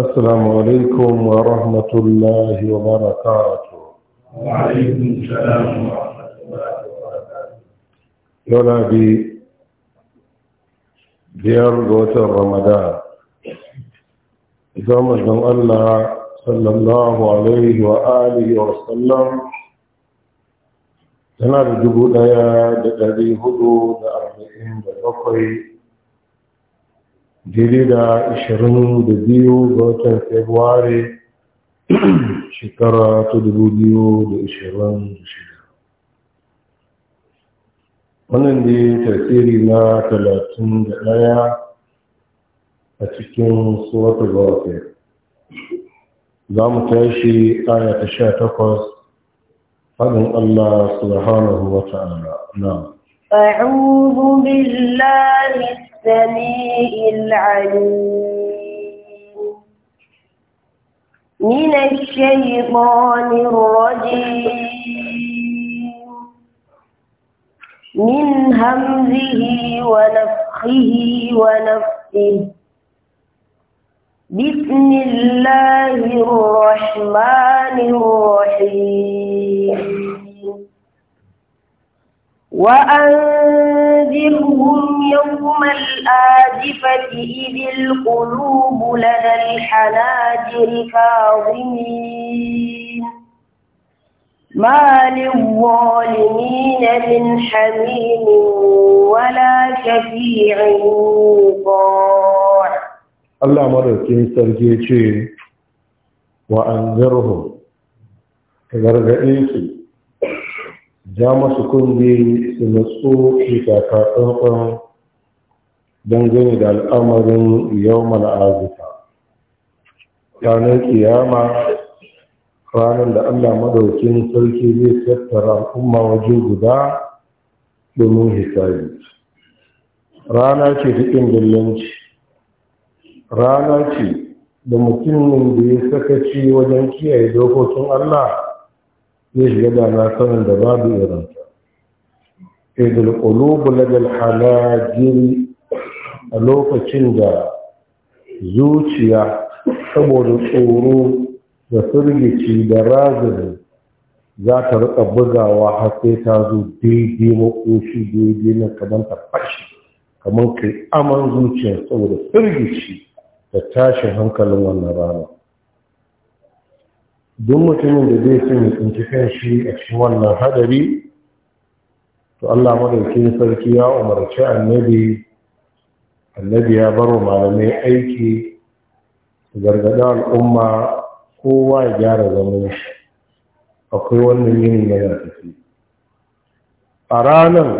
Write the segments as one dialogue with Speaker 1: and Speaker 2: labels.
Speaker 1: السلام عليكم ورحمة الله وبركاته
Speaker 2: وعليكم السلام ورحمة الله وبركاته
Speaker 1: يا بي ديار رمضان إذا مجدن الله صلى الله عليه وآله وسلم أنا da يا ɗaya da ɗari hudu daidai da 22 ga watan februari shekara ta 2026 wannan ne tasiri na 31 a cikin suwata zafi za mu tashi aya ta 18 faɗin allah subhanahu wa ta'ala na
Speaker 2: أعوذ بالله السميع العليم من الشيطان الرجيم من همزه ونفخه ونفسه بسم الله الرحمن الرحيم وأن وذكرهم يوم الآزفة إذ القلوب لدى الحناجر كاظمين ما للظالمين من حميم ولا شفيع يطاع
Speaker 1: الله مركين سرجيتي وأنذرهم gargaɗe su Ya masu kundi su nutsu bisa karɓarɓar dangane da al'amarin yau mal'azuka ranar kiyama ranar da allah madaukin sarki zai tattara al'umma waje guda domin hisabi rana ce ta ƙindillanci rana ce da mutumin da ya sakaci wajen kiyaye dokokin allah zai shiga da na sanin da babu irinsa idul ladal halajil a lokacin da zuciya saboda tsoro da firgici da razani za ta rika bugawa har sai ta zo daidai makoshi daidai na kamar ta fashi kamar kai aman zuciya saboda firgici da tashin hankalin wannan rana duk mutumin da zai sun yi kan shi a cikin wannan hadari to Allah madaukin sarki ya umarci annabi annabi ya baro malamai aiki su gargada al'umma kowa ya gyara zaman shi akwai wannan yini na yana tafi a ranar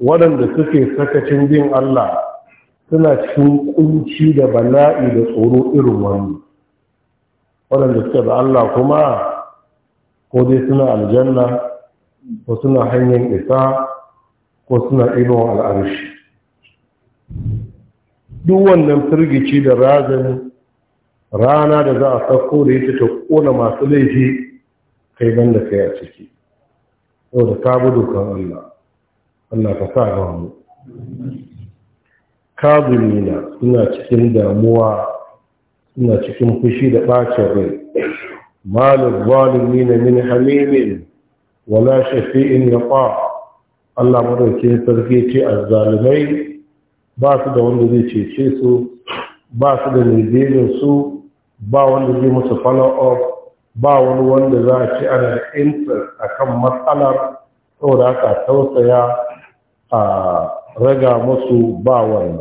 Speaker 1: waɗanda suke sakacin bin Allah suna cikin kunci da bala'i da tsoro irin wani waɗanda suke da Allah kuma ko dai suna aljanna ko suna hanyar isa ko suna ibon al'arshi duk wannan firgici da razani rana da za a sauko da ita ta kona masu laifi kai ban da kai a ciki yau da ka budu kan Allah Allah ka sa ga mu kazumina suna cikin damuwa suna cikin fushi da ɓacin rai malin zalimi na min hamimin wala shafi'in ya ƙwa Allah madaukin sarki ce a zalimai ba su da wanda zai cece su ba su da nigerin su ba wanda zai musu follow-up ba wani wanda za a ci ana da interest a kan matsalar saboda aka tausaya a raga musu ba wani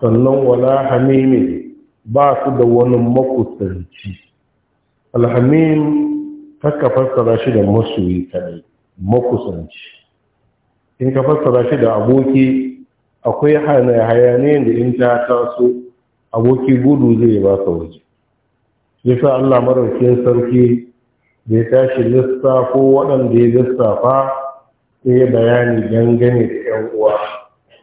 Speaker 1: sannan wala hamimin ba su da wani makusanci alhamim ka fassara shi da masoyi kadai makusanci in ka fassara shi da aboki akwai hayaniyar da in ta taso aboki gudu zai ba ka waje yasa Allah maraukin sarki da ya tashi lissafo waɗanda ya lissafa sai ya bayani gangane da ‘yan uwa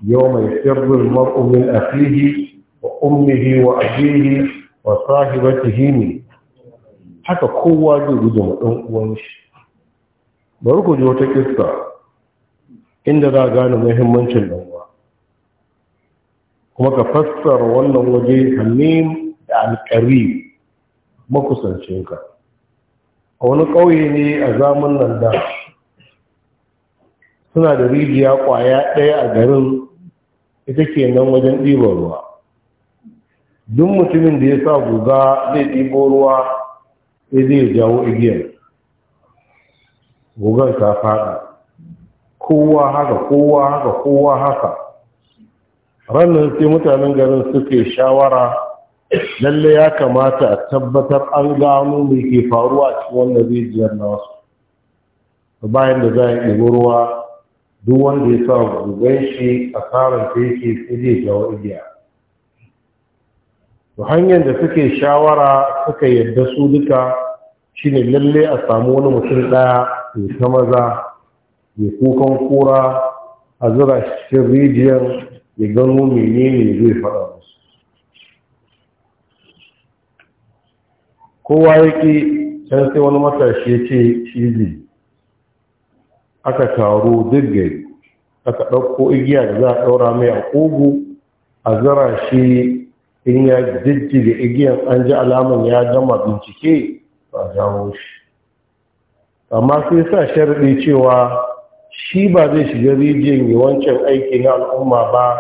Speaker 1: yau mai sirrin mar'umin asiri wa ummihi wa abihi wa sahibatihi ne haka kowa zai guje ma ɗan uwan bari ku ji wata kissa inda za a gane muhimmancin ɗan uwa kuma ka fassara wannan waje hamim da alƙari ka. a wani ƙauye ne a zamun nan da suna da rijiya ƙwaya ɗaya a garin ita ke nan wajen ɗiban ruwa duk mutumin da ya sa guga zai ɗibo ruwa sai zai jawo igiyar gugar ta faɗa, kowa haka kowa haka kowa haka rannan sai mutanen garin suke shawara lalle ya kamata a tabbatar an gano mai ke faruwa a cikin wanda zai jiyar na wasu bayan da za a yi ruwa duk wanda ya sa gugan shi a tsarin ta yake sai zai jawo igiya to hanyar da suke shawara suka yadda su duka shine lalle a samu wani mutum daya mai ta maza mai kukan kura a zira cikin rijiyar ya gano menene zai faɗa musu kowa yake can sai wani matashi ya ce shi aka taru duk gari aka ɗauko igiya da za a ɗaura mai a ƙugu a zara shi in ya jijjiga igiyan an ji alamun ya gama bincike ba jawo shi amma sai sa sharaɗi cewa shi ba zai shiga rijiyar yi aiki na al'umma ba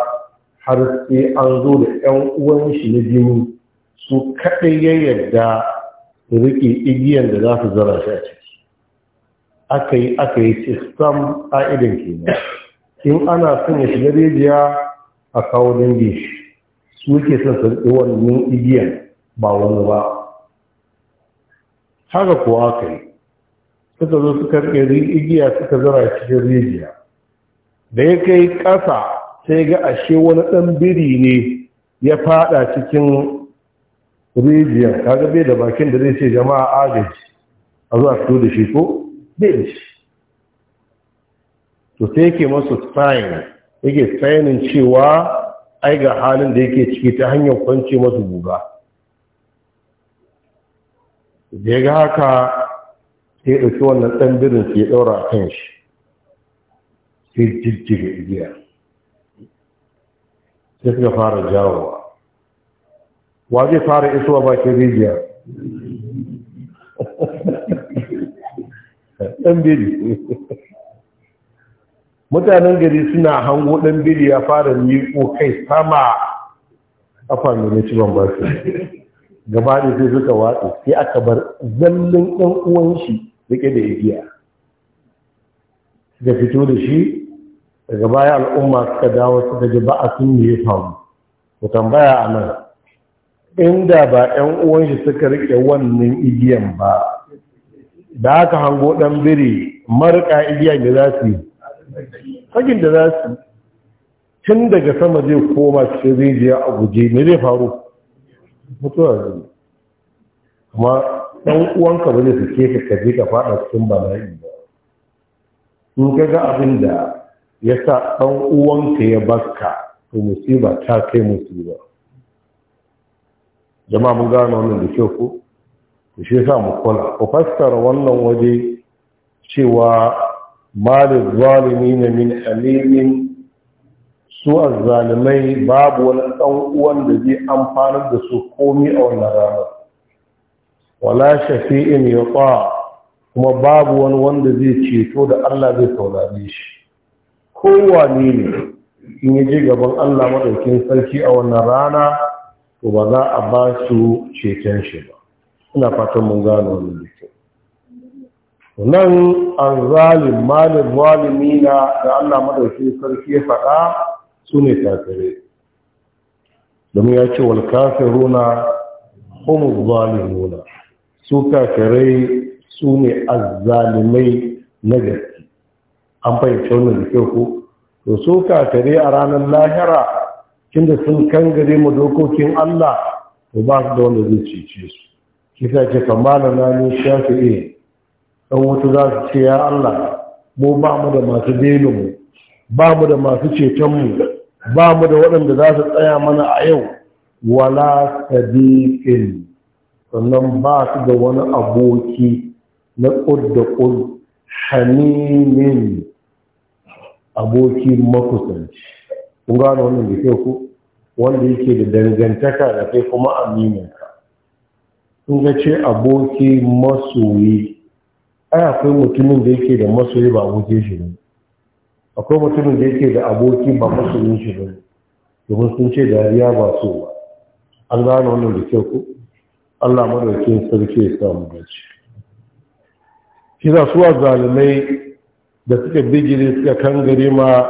Speaker 1: har sai an zo da 'yan uwan shi na jini su kaɗai ya yarda su riƙe igiyan da za su zara shi a ciki aka yi aka yi sistam ƙa'idan kenan in ana son ya shiga rijiya a kawo dangin shi suke son su riƙe wannan igiyan ba wani ba haka kuwa kai yi suka zo suka riƙe igiya suka zara cikin rijiya da ya kai ƙasa sai ga ashe wani ɗan biri ne ya faɗa cikin rijiyar kaga bai da bakin da zai ce jama'a agaji a zuwa fito da shi ko bai da shi to sai yake masu sign yake signin cewa ai ga halin da yake ciki ta hanyar kwance masu guga da ya ga haka sai ɗauki wannan ɗan birin ya ɗaura a kan shi sai jijjiga igiya sai suka fara jawowa wa zai fara isuwa bakin rijiya ɗan biri mutanen gari suna hango ɗan biri ya fara miƙo kai sama kafa ne ci ban ba su gaba da sai suka watsa sai aka bar zallin ɗan uwanshi shi rike da igiya suka fito da shi daga baya al'umma suka dawo suka ji ba a sun ne ya faru ku tambaya a nan inda ba 'yan uwanshi suka rike wannan igiyan ba da aka hango ɗan biri marka igiyan da za su yi sakin da za su tun daga sama zai koma cikin rijiya a guje ne zai faru mutuwa zai kuma ɗan uwanka ba zai suke ka kaje ka faɗa cikin bala'i ba in ka ga abin da ya sa ɗan uwanka ya baka to musiba ta kai musiba jama'a mun gano wannan da kyau ko ku shi sa mu kula ku fassara wannan waje cewa malin zalimi na min alimin su Zalimai, babu wani ɗan uwan da zai amfanar da su komi a wannan ranar wala shafi'in ya kuma babu wani wanda zai ceto da Allah zai saurari shi Kowa ne in ya gaban Allah maɗaukin sarki a wannan rana to ba za a ba su ceton shi ba ina fatan mun gano wannan nan an zalim malin walimi na da allah madauki sarki faɗa su ne kafirai domin ya ce walkafiruna homo zalimuna su kafirai su ne azzalimai na gaske an fahimci wannan da kyau ko to su kafirai a ranar lahira kinda sun kangare mu dokokin allah to ba su da wanda zai cece su kisa ce kamala na ne shafi'i don wata za su ce ya Allah mu ba mu da masu belinmu ba mu da masu cetonmu ba mu da waɗanda za su tsaya mana a yau wala sadiqin sannan ba su da wani aboki na da ƙud hamimin aboki makusanci kun gano wannan da ke ku wanda yake da dangantaka da kai kuma aminanka sun ga ce aboki masoyi ai akwai mutumin da yake da masoyi ba abokin shi ne akwai mutumin da yake da aboki ba masoyin shi ne domin sun ce dariya ba so ba an gane wannan da kyau ko Allah madaukakin sarki ya mu dace shi za su zalimai da suka bigire suka kangare ma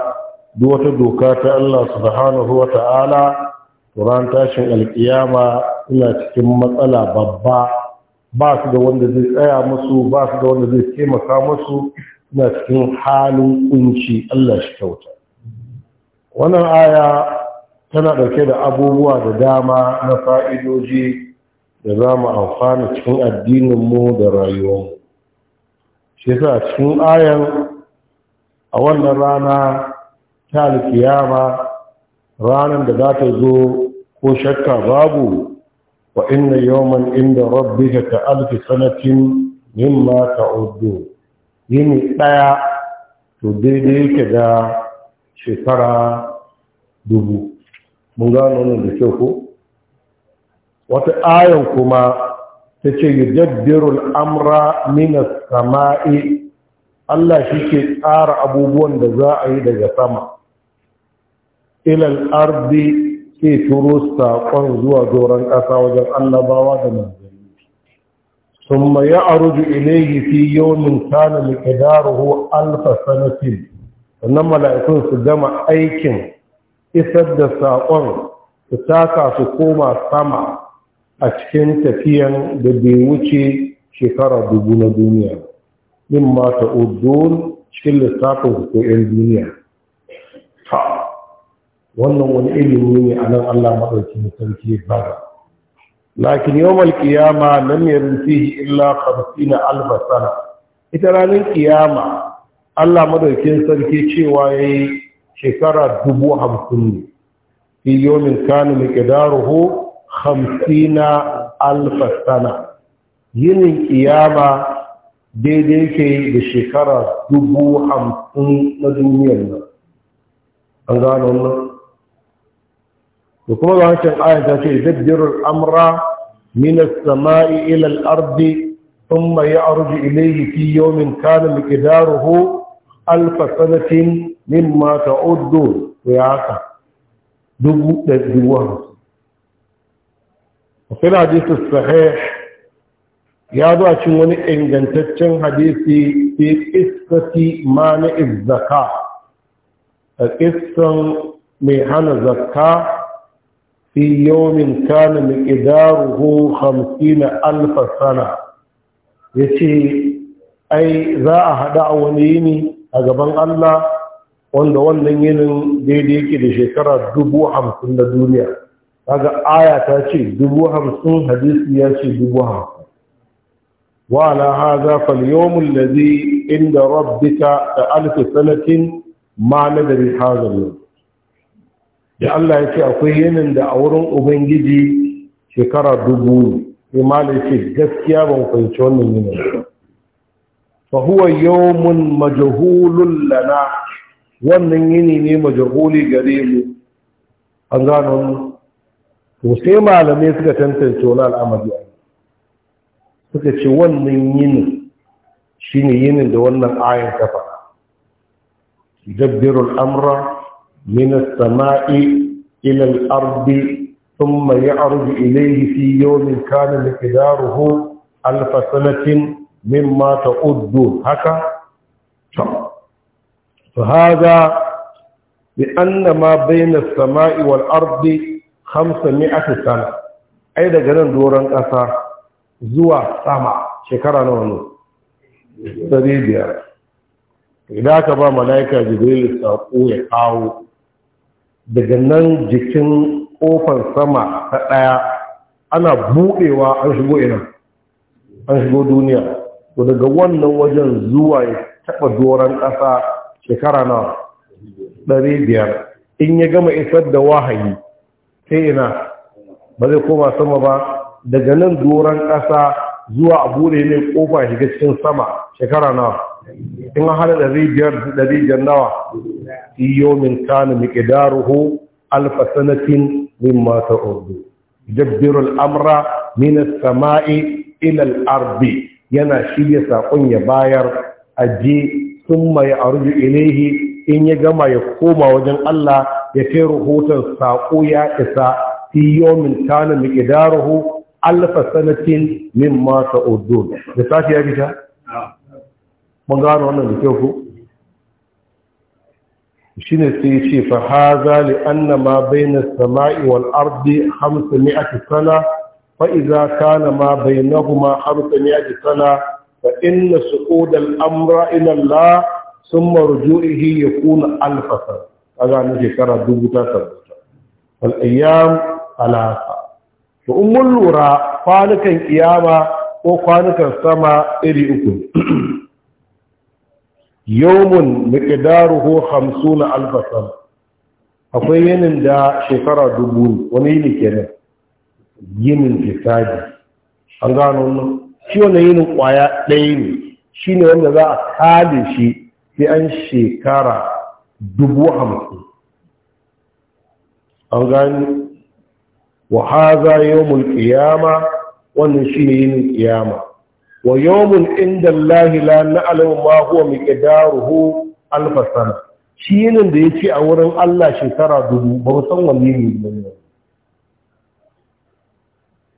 Speaker 1: duk wata doka ta Allah subhanahu wata'ala ta'ala ran tashin alkiyama suna cikin matsala babba ba su da wanda zai tsaya musu ba su da wanda zai taimaka masu na cikin halin kunci Allah shi kyauta wannan aya tana ɗauke da abubuwa da dama na fa'idoji da za mu amfana cikin addininmu da rayuwarmu shi sa cikin ayan a wannan rana ta alkiyama ranar da za ta zo ko shakka babu وإن يوما عند ربك كألف سنة مما تعدون yini ɗaya to daidai yake da shekara dubu mun gano wannan da kyau ko wata ayan kuma ta ce yudabbirul amra minas sama'i Allah shi ke tsara abubuwan da za a yi daga sama ilal ardi ke turo saƙon zuwa doron ƙasa wajen annabawa da manzanni sun ma ya aruju ilaihi fi yawmin kana miqdaruhu alf sanatin sannan mala'ikun su gama aikin isar da saƙon su taka su koma sama a cikin tafiyan da bai wuce shekara dubu na duniya min ma ta cikin lissafin ko 'yan duniya wannan wani ilimi ne a nan Allah maɗauki sarki ya fara lakin yawmal qiyama lam yarin illa 50 na sana ita ranar kiyama Allah maɗaukin sarki cewa yayi shekara dubu hamsin ne fi yawmin kana miqdaruhu 50 alf sana yinin kiyama daidai ke da shekara dubu hamsin na duniyar nan an gano wannan وكما قال هاتف الآية تأتي يدبر الأمر من السماء إلى الأرض ثم يعرج إليه في يوم كان مقداره ألف سنة مما تعدون وياك دبو دبوه وفي الحديث الصحيح يا دو أشمون إن جنتشن حديثي في قصة مانع الزكاة القصة من هنا الزكاة في يوم كان مقداره خمسين "Za a يتي a wani yini, a gaban Allah? wanda wannan yinin daidai yake da shekara dubu hamsin na duniya kaga aya ta ce dubu hamsin hadisi ya ce dubu hamsin wa haza fal yawmul ladhi inda rabbika da alf sanatin ma nadri hadha al da Allah ya ce akwai yinin da a wurin ubangiji shekara dubu ne ce gaskiya ban fahimci wannan yinin fa huwa yawmun majhulun lana wannan yini ne majhuli gare mu an gano to sai malamai suka tantance wani al'amari suka ce wannan yinin shine yinin da wannan ayin kafa. faɗa dabbirul amra من السماء إلى الأرض ثم يعرض إليه في يوم كان مقداره ألف سنة مما تؤد هكا فهذا لأن ما بين السماء والأرض خمسمائة سنة أي ده جنان دوران أسا زوا سما شكرا نونو سريبيا إذا كبا ملائكة جبريل سأقول قاو daga nan jikin ƙofar sama ta ɗaya ana buɗewa an shigo ina an shigo duniya to daga wannan wajen zuwa ya taɓa doron ƙasa shekara na ɗari biyar in ya gama isar da wahayi sai ina ba zai koma sama ba daga nan doron ƙasa zuwa a buɗe ne ƙofa shiga cikin sama shekara na in an hada ɗari biyar ɗari biyar nawa fi yawmin kana miqdaruhu alf sanatin mimma ta'udu yudabbiru al-amra min as-sama'i ila al-ardi yana shirya sakon ya bayar aje thumma ya'ruju ilayhi in ya gama ya koma wajen Allah ya kai rahoton sako ya isa fi yawmin kana miqdaruhu alfa sanatin min mata da safiya fita mun gano wannan da kyau ko ne sai ce fa haza li anna ma bayna as-sama'i wal ardi ake sana fa idza kana ma ne ake sana fa inna su'ud al-amra ila Allah thumma ruju'ihi yakun alf sana kaga ne shekara dubu ta tabbata wal ayyam alafa to ummul lura kwanukan kiyama ko kwanukan sama iri uku yawmun miqdaruhu 50 alf sana akwai yinin da shekara dubu wani yini kenan yinin fisadi an gano nan shi wannan yinin kwaya ɗaya ne shi ne wanda za a kale shi sai an shekara dubu hamsin an gani wa haza yawmul qiyama wannan shi ne yinin qiyama wa yawmun inda Allah la na'lamu ma huwa miqdaruhu alf sana shi yinin da yace a wurin Allah shekara dubu ba mu san wanne ne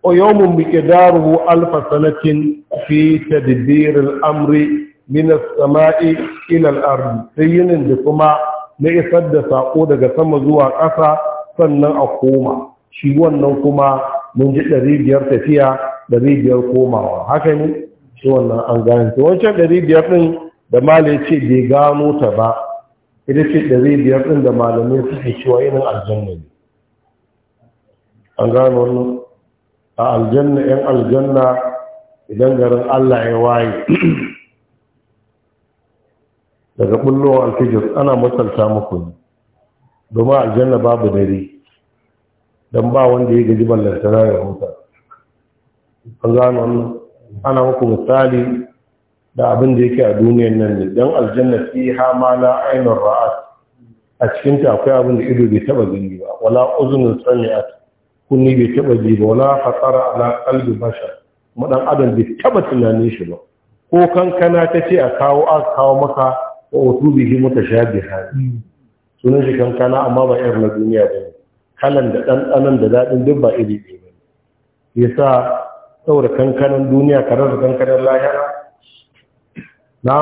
Speaker 1: wa yawmun miqdaruhu alf sanatin fi tadbir al-amri min as-sama'i ila al-ardi sai da kuma na isar da sako daga sama zuwa ƙasa sannan a koma shi wannan kuma mun ji ɗari biyar tafiya ɗari biyar komawa haka ne shi wannan an gani wancan ɗari biyar ɗin da malai ce bai gano ta ba ita ce ɗari biyar ɗin da malamai suke cewa irin aljanna ne an gano wannan a aljanna ‘yan aljanna idan garin Allah ya waye daga ɓullowar alfijir ana matsalta muku ne domin aljanna babu dare don ba wanda ya gaji na ya huta an gano wannan ana muku misali da abin da yake a duniyar nan ne don aljanna fiha ma la ainihin ra'ad a cikin ta akwai abin da ido bai taba gani ba wala sanya a kunni bai taba ji ba wala hatsara ala kalbi bashar kuma adam bai taba tunanin shi ba ko kankana ta ce a kawo a kawo maka wa utubihi mutashabiha sunan shi kankana amma ba yar na duniya ba kalan da ɗanɗanan da daɗin duk ba iri ɗaya ba yasa saboda kankanin duniya ka rasa kankanin lahira na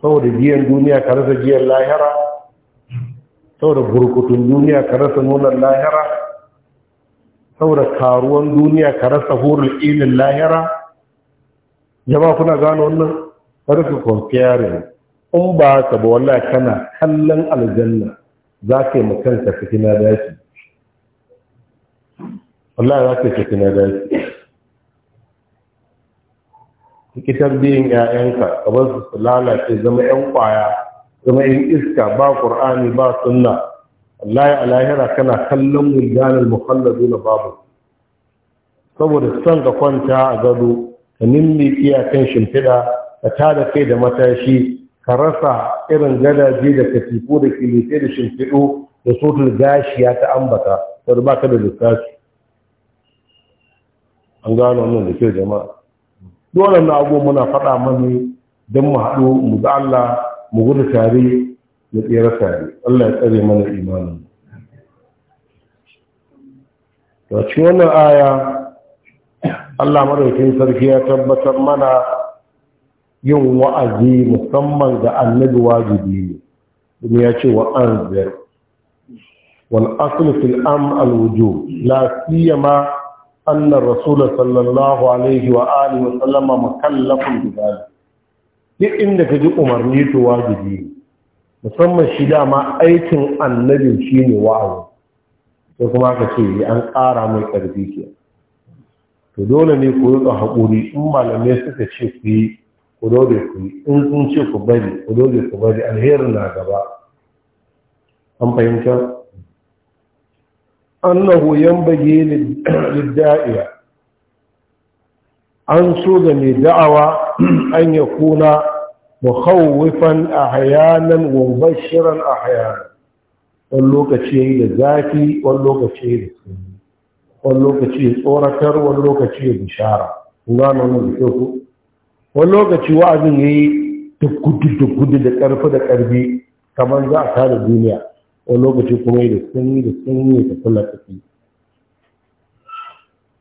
Speaker 1: saboda biyan duniya ka rasa biyan lahira saboda burkutun duniya ka rasa nunan lahira saboda karuwan duniya ka rasa horar ilin lahira jama'a kuna gano wannan karfi comparing in ba ka ba wallahi kana kallon aljanna za ka yi makanta fitina dashi wallahi za ka yi fitina dashi Likitar biyan 'ya'yanka kamar su lalace zama 'yan kwaya zama 'yan iska ba ƙur'ani ba sunna Allah a lahira kana kallon wulganin muhallar na babu saboda son ka kwanta a gado ka nimmi iyakan shimfiɗa ka tada kai da matashi ka rasa irin gadaje da katifu da kilife da shimfiɗo da sotul gashiya ta ambata saboda ba ka da lissafi an gano wannan da kyau jama'a dole na abu muna faɗa mani don mu haɗu mu ga Allah mu gudu tare mu tsere tare Allah ya tsare mana imanin to ci wannan aya Allah madaukakin sarki ya tabbatar mana yin wa'azi musamman ga annabi wajibi ne kuma ya ce wa anzir wal fil am al wujub la siyama أن الرسول صلى الله عليه وآله وسلم مكلف بذلك duk inda ka ji umarni to wajibi musamman shi dama aikin annabi shi ne wa'azi sai kuma ka ce an ƙara mai ƙarfi ke to dole ne ku rika haƙuri in malamai suka ce ku yi ku dole ku yi in sun ce ku bari ku dole ku bari alherin na gaba an fahimta annahu yanbaghi lid-da'iya an so da mai da'awa an ya kuna mukhawwifan ahyanan wa mubashiran ahyanan wani lokaci da zafi wani lokaci da sanyi wani lokaci tsoratar wani lokaci bishara gano mun da ku wani lokaci wa'azin yayi dukkudu dukkudu da karfi da karbi kamar za a tada duniya wani lokaci kuma yi da sanyi da sanyi ta kula tafi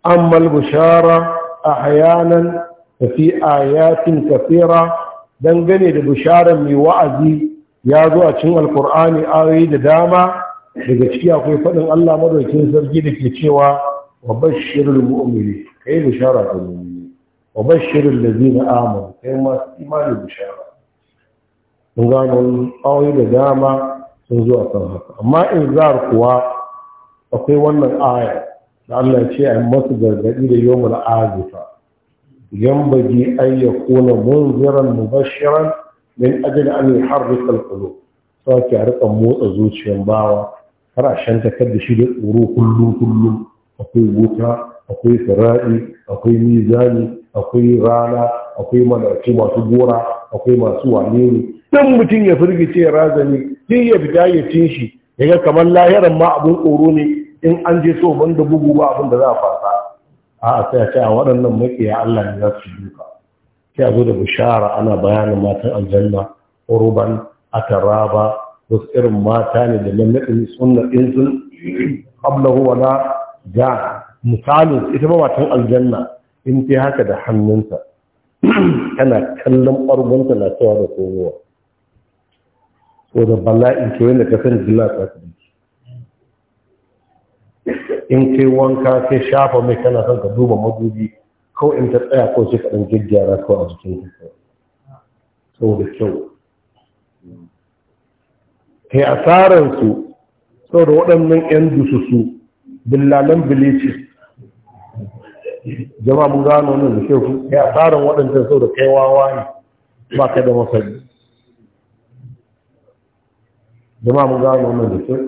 Speaker 1: amma bushara a hayanan tafi ayatin kafira dangane da bisharar mai wa'azi ya zo a cin alkur'ani ayoyi da dama daga ciki akwai faɗin allah madaukin sarki da ke cewa wa bashirin mu'amini ka yi bishara ga mu'amini wa bashirin da zina amur kai masu imanin bishara mun gano ayoyi da dama sun zuwa kan haka amma inzar kuwa akwai wannan aya da Allah ce a masu gargaɗi da yawmul azifa yanbaghi an kona munziran mubashiran min ajli an yuharrika alqulub sai ki rika motsa zuciyar bawa kar a shanta da shi da tsoro kullum kullum akwai wuta akwai sira'i akwai mizani akwai rana akwai malaci masu gora akwai masu wane ne dan mutum ya firgice razani sai ya fita ya cin shi ya ga kamar lahiran ma abin tsoro ne in an je so ban da bugu ba abin da za a fasa a a sai a ce a waɗannan makiya Allah ne za su duka sai a zo da bishara ana bayanin matan aljanna urban ataraba wasu irin mata ne da lallabin sunna in sun ablahu wala ga misalin ita ba matan aljanna in ta haka da hannunta tana kallon ɓargonta na cewa da tsohuwa. ko da bala'in ke wanda ka sani jilla ta in kai wanka sai shafa mai kana son ka duba madubi ko in ta tsaya ko sai kaɗan jirgin gyaggyara ko a jikin ka saboda kyau kai asaran Sau saboda waɗannan yan su. billalan bilici jama'a mun gano nan da shehu kai asaran waɗannan sau kai wawa ne ba ka da masani jama'a mun gano wannan da kyau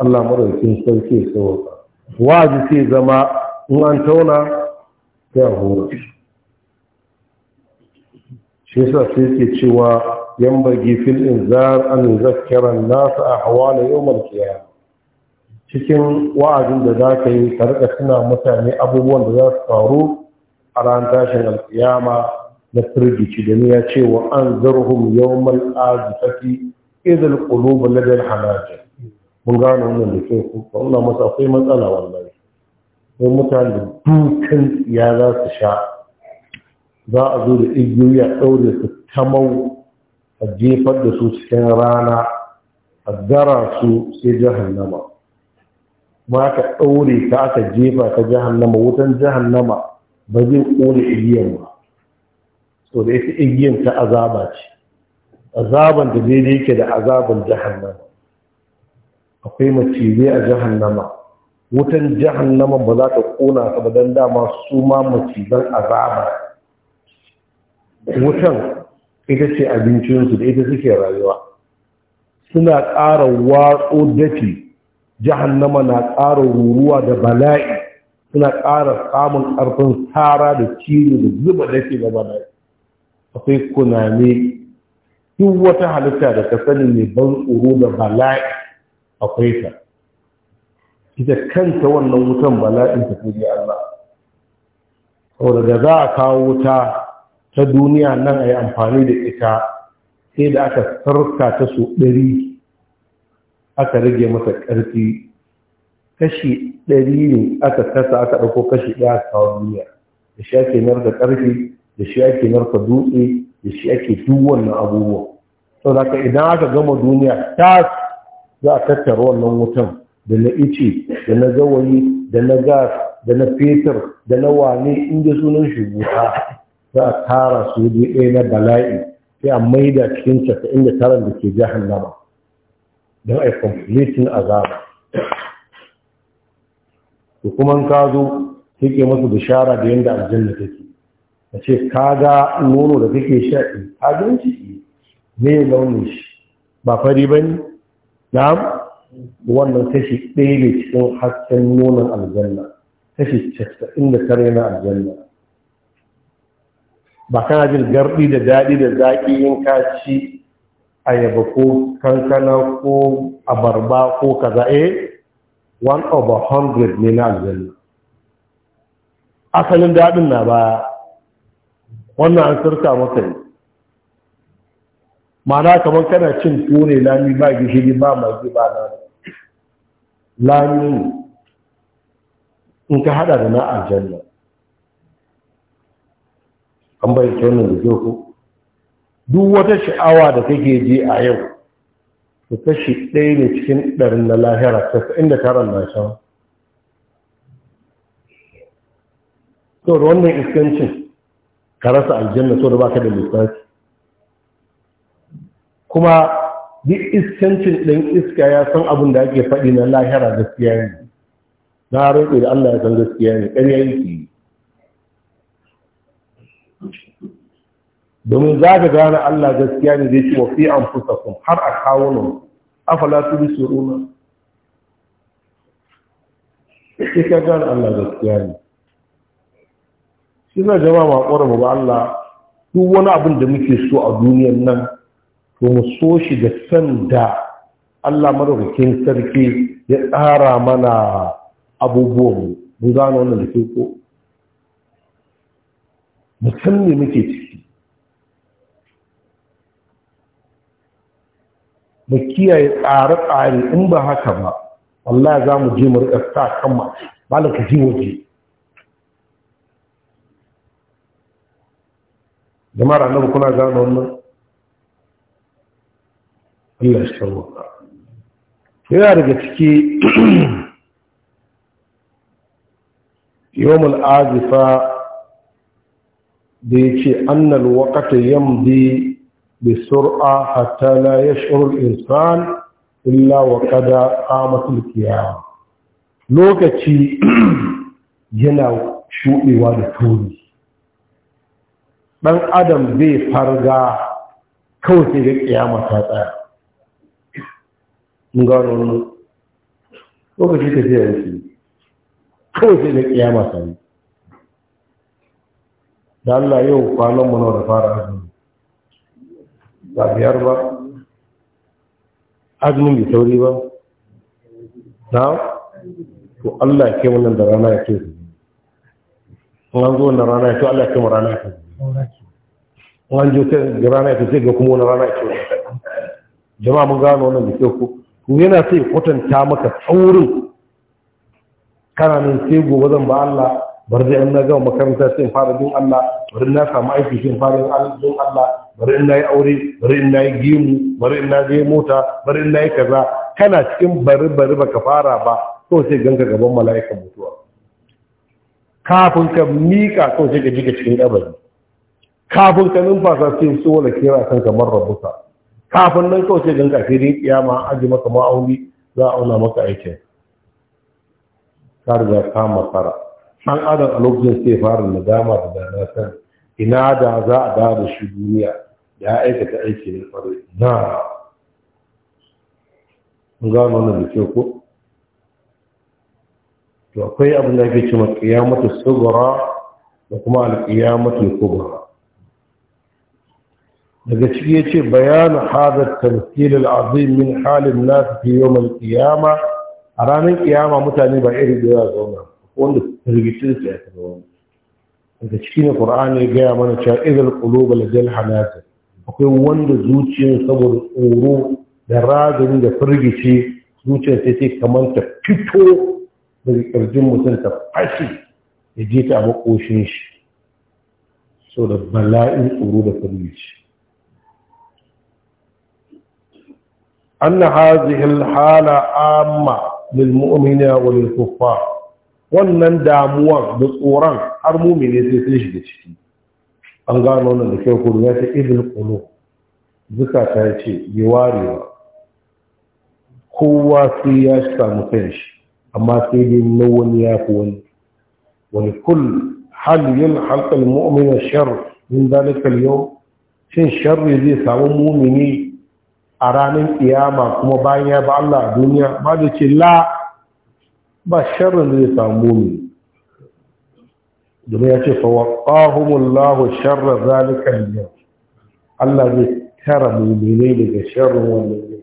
Speaker 1: Allah madaukakin sarki ya wazi sai zama in an tauna ta hura
Speaker 2: shi sa sai ke cewa bagi fil inzar
Speaker 1: an yuzakkira nasa nas ahwala yawm al cikin wa'azin da za ka yi ka rika suna mutane abubuwan da za su faru a ran tashin alkiyama na firgici da ya ce wa an zarhum yawmal azifati idil na ladal halaji mun gano wannan da ke ku wannan masa akwai matsala wallahi sai mutane dukan ya za su sha za a zo da igiyoyi a ɗaure su tamau a jefar da su cikin rana a gara su sai jahannama ba ka ɗaure ta aka jefa ta jahannama wutan nama ba zai ƙone igiyan ba so da ita igiyan ta azaba ce azaban da daidai yake da azaban jahannama akwai macizai a jahannama wutan jahannama ba za ta kona ta ba don dama su ma macizan azaba wutan ita ce abincinsu da ita suke rayuwa suna ƙara watso dafi jahannama na ƙara ruruwa da bala'i suna ƙara samun ƙarfin tara da ciwo da zuba dafi da bala'i akwai kuname duk wata halitta da ka sani mai ban tsoro da bala'i akwai ta ita kanta wannan wutan bala'in ta sai Allah saboda da za a kawo wuta ta duniya nan a yi amfani da ita sai da aka sarka ta so ɗari aka rage masa ƙarfi kashi ɗari ne aka kasa aka ɗauko kashi ɗaya a kawo duniya da shi ake narka ƙarfi da shi ake narka dutse da shi ake duk wannan abubuwa sau da ka idan aka gama duniya ta za a tattara wannan wutan da na ice da na gawayi da na gas da na fetur da na wane inda sunan shi za a tara su yi ɗaya na bala'i sai a maida cikin casa'in inda taron da ke nama, don a yi azaba da kuma ka zo take masu bishara da yadda aljanna take A ce ka ga nono da kake sha ɗin ka zai launin shi ba fari ba ne Na. wannan kashi ɗaya ne cikin hasken nonon aljanna kashi casa'in da tare na aljanna ba kana jin garɗi da daɗi da zaƙi yin ka ci ayaba ko kankana ko abarba ko kaza eh one a hundred ne na aljanna asalin daɗin na baya wannan an sarka maka ne mana kamar kana cin kone lami ba gishiri ba magi ba na lami in ka hada da na aljanna an bai ta wannan da ku duk wata sha'awa da kake ji a yau da kashi ɗaya ne cikin ɗarin na lahira tasa'in da taron na shan saboda wannan iskancin ka rasa aljanna so da baka da lissafi kuma duk iskancin ɗan iska ya san abin da ake faɗi na lahira gaskiya ne na roƙe da Allah ya san gaskiya ne ƙarya yanki domin za ka gane Allah gaskiya ne zai ci wa fi an kun har a kawo nan afala su bi su runa sai ka gane Allah gaskiya ne ina jama'a ma ƙwara ba Allah duk wani abin da muke so a duniyar nan to mu so shi da san da Allah madaukakin sarki ya tsara mana abubuwan mu gano wannan da ke ko mu san ne muke ciki mu kiyaye tsare-tsare in ba haka ba wallahi za mu je mu rika sa kan ma ji waje jama'ar annabi kuna gano wannan Allah shi sauwaka yana daga ciki yawon azifa da ya ce annal wakata yamdi da sur'a hatta la ya shirul insan illa wa kada amatul kiyawa lokaci yana shuɗewa da turi ɗan adam zai farga kawai sai ga ƙiyama ta tsaya mun ga wani lokaci ta fiye da shi kawai sai ga ƙiyama ta yi da Allah yau kwanan mu nawa da fara azumi ba biyar ba azumin bai sauri ba na to Allah ya kai wannan da rana ya ce an zo wannan rana ya ce Allah ya kai rana ya ce wani jotar da rana ita sai ga kuma wani rana ita wani jama'a mun gano wannan da kyau ko yana sai kwatanta maka tsaurin kana nan sai gobe zan ba Allah bar da na gama makaranta sai fara jin Allah bari na samu aiki sai fara jin Allah bari in yi aure bari in yi gemu bari in je mota bari in yi kaza kana cikin bari bari baka fara ba to sai ganka gaban mala'ikan mutuwa kafin ka mika to sai ka jika cikin kabari kafin ka numfasa sai su wani kira kan kamar rabuka kafin nan kawai sai ganka filin kiyama aji maka ma'auni za a auna maka aikin Kar da ka makara an adam a lokacin sai fara dama da dana kan ina da za a dawo da shi duniya ya aikata aiki ne kwarai na gano wannan da ke ko to akwai abin da ake cewa qiyamatu sugura da kuma al-qiyamatu kubra daga ciki ya ce bayan hadar tamsilil azim min halin nasu fi mai kiyama a ranar kiyama mutane ba iri da ya zauna wanda firgici su ya taɓa wani daga ciki na ƙur'ani ya gaya mana cewa irin ƙuluba da jal akwai wanda zuciyar saboda tsoro da ragani da firgici zuciyar sai sai kamar ta fito daga ƙirjin mutum ta fashi ya je ta a makoshin shi so da bala'in tsoro da firgici أن هذه الحالة عامة للمؤمنين وللكفار wannan damuwan da tsoron har mumine sai sun shiga ciki an gano nan da kyau ko ya ta ibn kulu. zakata ta ce bi warewa kowa sai ya samu kanshi amma sai dai na wani ya fi wani wani kul hal halkal mu'mina shar min Cin al shin sharri zai samu mumini a ranar kiyama kuma bayan ya ba Allah a duniya ba da ce la ba sharrin zai samu ne domin ya ce fawaƙahumullahu sharra zalika ne Allah zai tara mummune daga sharrin wannan ne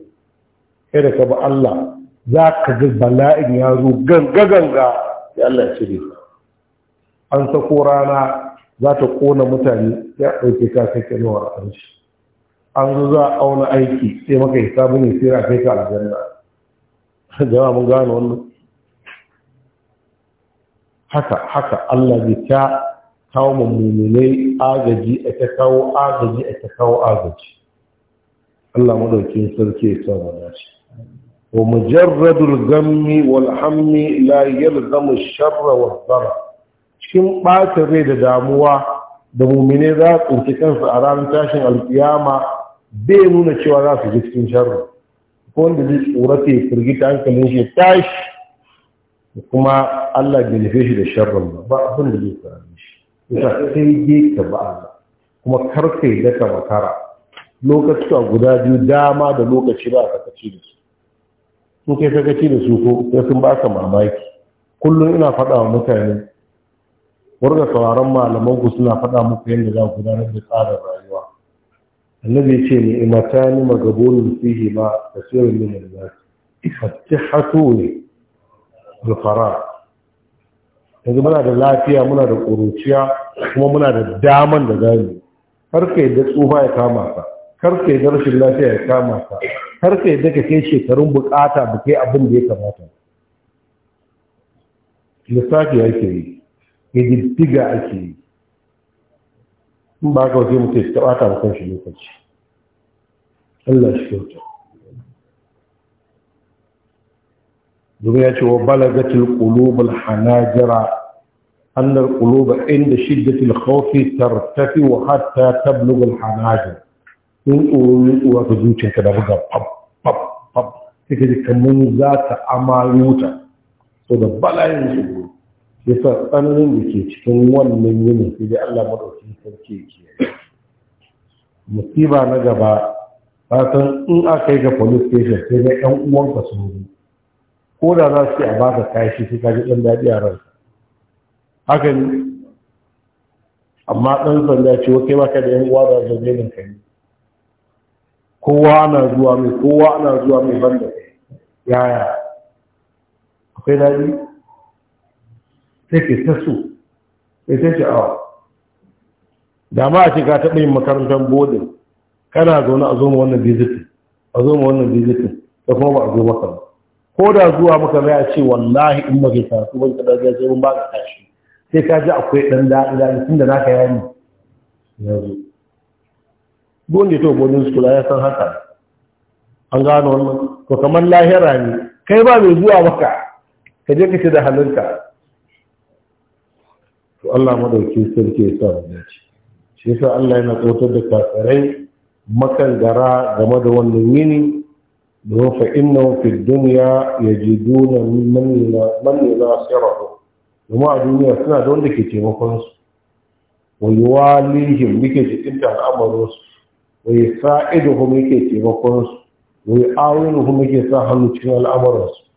Speaker 1: kai da ka ba Allah za ka ga bala'in ya zo ganga ganga ya Allah cire an sako rana za ta ƙona mutane ya ɗauke ka kai nawa wa an zo za a auna aiki sai maka hisabin ne sai kai ka aljanna jama'a mun gano wannan haka haka Allah zai ta kawo mummunai agaji a ta kawo agaji a ta kawo agaji Allah madaukin sarki ya sa mu dace wa mujarradul gammi wal hammi la yalzamu sharra wa dara cikin bata rai da damuwa da mumine za su tsinci kansu a ranar tashin alkiyama bai nuna cewa za su ji cikin sharri ko wanda zai tsorata ya firgita hankalin shi tashi kuma Allah bai nufe shi da sharrin ba ba abin da zai tsara shi yasa sai dai ka ba Allah kuma karfe da ka makara lokaci a guda biyu dama da lokaci ba ka kace da su in kai ka da su ko sai sun ba baka mamaki kullum ina faɗa wa mutane wurin sauraron malamanku suna faɗa muku yadda za ku gudanar da tsarin rayuwa annabi ya ce ne imatani magabonin fihi ma da tsirin min ne yanzu muna da lafiya muna da ƙuruciya kuma muna da daman da gani karka yadda tsufa ya kama ka karka yadda rashin lafiya ya kama ka karka yadda ka kai shekarun bukata da kai abin da ya kamata lissafi ke yi ya ake yi in ba ka wajen mutu ta ɓata wa kanshi lokaci Allah shi kyauta domin ya ce wa balagatil qulubul hanajira annal kuluba inda shiddatil khawfi tartafi wa hatta tablagal hanajir in tsoro ya ta ka zuciyarka da buga fab fab fab sai ka ji za ta amayo so da balayin tsoro yasa tsananin da ke cikin wannan yini sai dai Allah madaukakin sarki ke musiba na gaba fatan in aka yi ga police station sai dai ɗan uwanka sun zo ko da za su yi a ka kashi sai ka ji ɗan daɗi a ran. haka ne amma ɗan sanda ce wa kai baka da yan uwa da zazzanin kai kowa ana zuwa mai kowa ana zuwa mai banda yaya akwai daɗi sai ke ta so sai ta sha'awa ah. da ma a ce ka taɓa yin makarantar bodin kana zaune a zo ma wannan bizitin a zo ma wannan bizitin da kuma ba a zo maka ba ko da zuwa maka zai a ce wallahi in ba ke karatu ban kaɗa zai zai ba ka tashi sai ka ji akwai ɗan daɗi daɗi tun da na ka ni. ya zo gonde to bodin school ya san haka an gano wannan to kamar lahira ne kai ba mai zuwa maka ka je ka ce da halinka to Allah madauki sarki ya sa mu ci. shi yasa Allah yana tsotar da kafirai makangara game da wannan yini domin fa innahu fi dunya yajiduna man man yunasirahu kuma a duniya suna da wanda ke taimakon su wa yuwalihim yake cikin al'amarin su wa yasa'iduhum yake taimakon su wa yu'awinuhum yake sa hannu cikin al'amuran su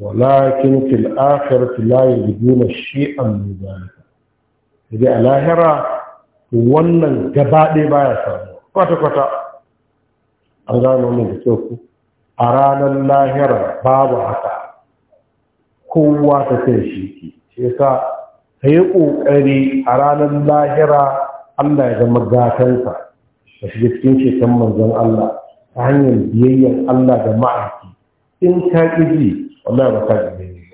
Speaker 1: ولكن في الآخرة لا يجدون شيئا
Speaker 2: من ذلك
Speaker 1: da a lahira wannan gabaɗe ba baya samu kwata-kwata an gano mai da kyau ku a ranar lahira babu haka kowa ta kai shi ke ce ka ka yi ƙoƙari a ranar lahira allah ya zama gatansa da shiga cikin shekan manzon allah ta hanyar biyayyar allah da ma'aiki in ka ƙiji ji ba ta ji